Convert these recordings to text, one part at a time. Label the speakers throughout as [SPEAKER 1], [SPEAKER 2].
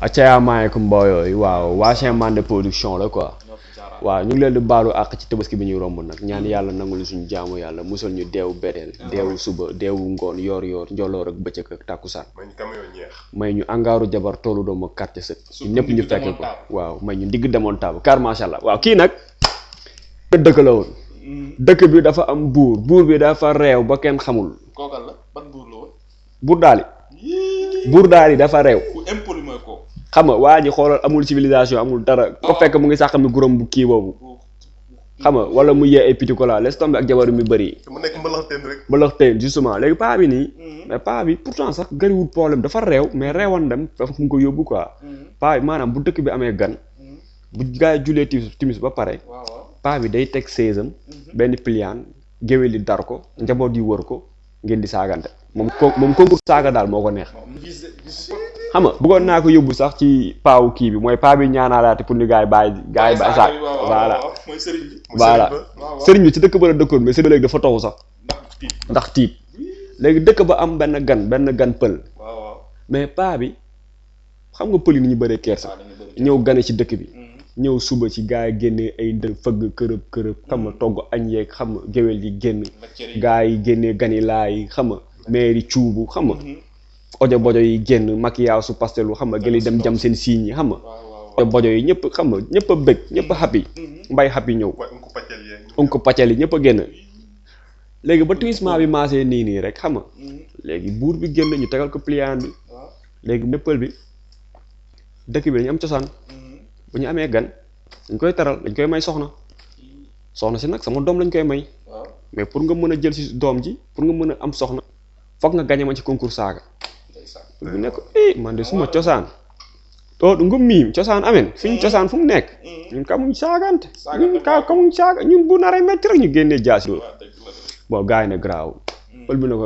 [SPEAKER 1] acaya maayeku mbooyooyu waaw waa Chain de production la quoi waaw ñu ngi leen di baalu àq ci tabaski bi ñuy romb nag ñaan yàlla nangul suñu jaamu yàlla musal ñu deewu bereel deewu suba deewu ngoon yoor yoor njoloor ak bëccëg ak tàkkusaan may ñu angaaru jabar toolu doom ak quartier sëg ñépp ñu fekk ko waaw may ñu digg demoon taabu car masha allah waaw kii nag dëkk la woon mm. dëkk bi dafa am buur buur bi dafa reew ba kenn xamul buur daali buur daali dafa reew xam nga waa ji xoolal amul civilisation amul dara. ko fekk mu ngi sax mi góoram bu kii boobu. xam nga wala mu yee ay pitikola laisse tomber ak jabaru mi bëri. mu nekk mbalax rek. mbalax justement léegi paa bi nii. Mm-hmm. mais paa bi pourtant sax gëriwul problème dafa réew mais réewan dem dafa mu ko yóbbu quoi. Mm-hmm. paa bi maanaam bu dëkk bi amee gan. Mm-hmm. bu gaa yi julee timis timis ba pare. paa bi day teg seesam. benn pliant géwel yi dar ko njaboot yi wër ko ngeen di saagante moom moom concours saaga daal moo ko neex. xam nga bëggoon naa ko yóbbu sax ci paaw kii bi mooy paa bi ñaanaalaate pour ñu gaay baay gaay bàyyi sax voilà
[SPEAKER 2] voilà sëriñ bi
[SPEAKER 1] ci dëkk ba la dëkkoon mais sëriñ ba léegi dafa toxu sax ndax tiit léegi dëkk ba am benn gan benn gan pël mais paa bi xam nga pël yi ni ñu bëree kersa ñëw gane ci dëkk bi mm-hmm. ñëw suba ci gaa yi génne ay ndël fëgg kërëb kërëb xam nga mm-hmm. togg añ yeeg xam géwél yi génn gaa yi génne gani laay xam nga meeri cuubu xam nga mm-hmm. ojo bojo yi génn maquillage su pastelu xam nga gëli dem jam seen siiñ yi xam nga ojo bojo yi ñëpp xam nga ñëpp a bëgg ñëpp a happy mm-hmm. mbay yi ñëw unku paccal yi ñëpp a génn mm-hmm. léegi ba tuisment bi mm-hmm. maasee nii nii rek xam nga léegi buur bi génn ñu tegal ko pliant bi léegi nëppal bi dëkk bi dañ am cosaan bu ñu amee gan dañ koy taral dañ koy may soxna soxna si nag sama doom lañ koy may mais pour nga mën a jël si doom ji pour nga mën a am soxna foog nga gañe ci concours saaga lu ne ko man de suma cosaan to ɗo gummimi cosaan amen fin eh. cosaan fu mu nekk eh. ñun kamuñ saagante ñun ka kamuñ saaga bu nara metti ñu génnee jaasi bon gars yi ne garaaw mm. pël bi ne ko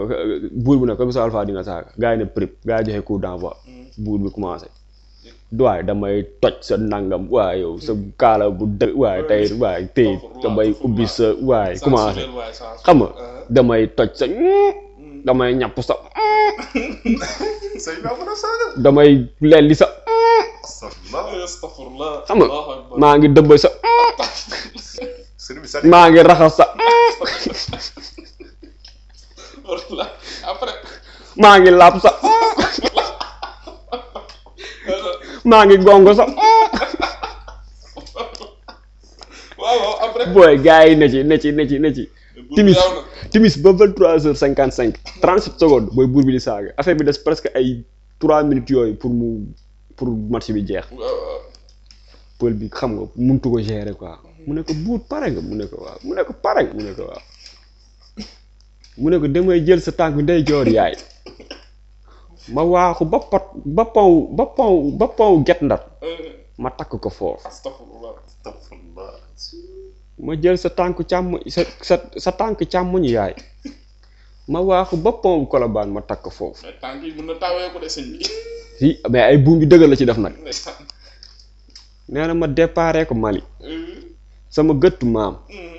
[SPEAKER 1] buur bi ne ko sa alpha di nga saaga gars ne prip gars joxe coup d'envoi mm. buur bi commencé waaye damay toj sa nangam waay yow sa kaala bu dë waaye mm. tey waaye tey damay ubbi sa waaye commencé xam nga uh-huh. damay toj sa damay ñàpp sa sëñ bi damay leen sa. maa ngi dëbb sa. maa ngi raxas sa. maa ngi laab sa. maa ngi gongo sa. booy gars yi ne ci timis timis ba vingt trois heures cinquante cinq trente sept secondes mooy buur bi di saaga affaire bi des presque ay trois minutes yooyu pour mu pour match bi jeex pël bi xam nga muntu ko gérer quoi mu ne ko buur pare nga mu ne ko waaw mu ne ko pare nga mu ne ko waaw mu damay jël sa tànk ndey joor yaay ma waaxu ba pot ba pow ba pow ba pow get ndar euh. ma takk ko foofu ma jël sa tànk càmm sa sa sa tànk yaay ma waaxu ba pont bu ma takk foofu. ko de sëñ bi. si mais ay buum yu dëgg la ci def nag. nee na ma déparé ko Mali. Mm-hmm. sama gëttu maam. Mm-hmm.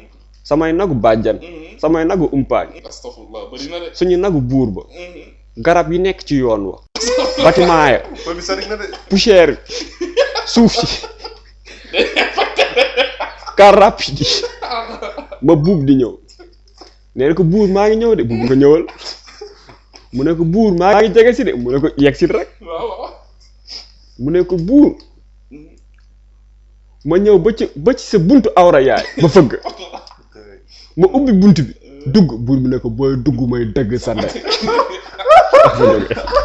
[SPEAKER 1] samay nagu bàjjan. Mm-hmm. samay nagu umpaañ. suñu nagu buur ba. garab yi nekk ci yoon wa. bâtiment ya suuf si. car rapide yi ba buub di ñëw nee ko buur maa ngi ñëw de buub ko ñëwal mu ne ko buur maa ngi jege si de mu ne ko yegg si rek mu ne ko buur ma ñëw ba ci ba ci sa buntu awra yaay ba fëgg ma ubbi bunt bi dugg buur bi ne ko booy dugg may dëgg sa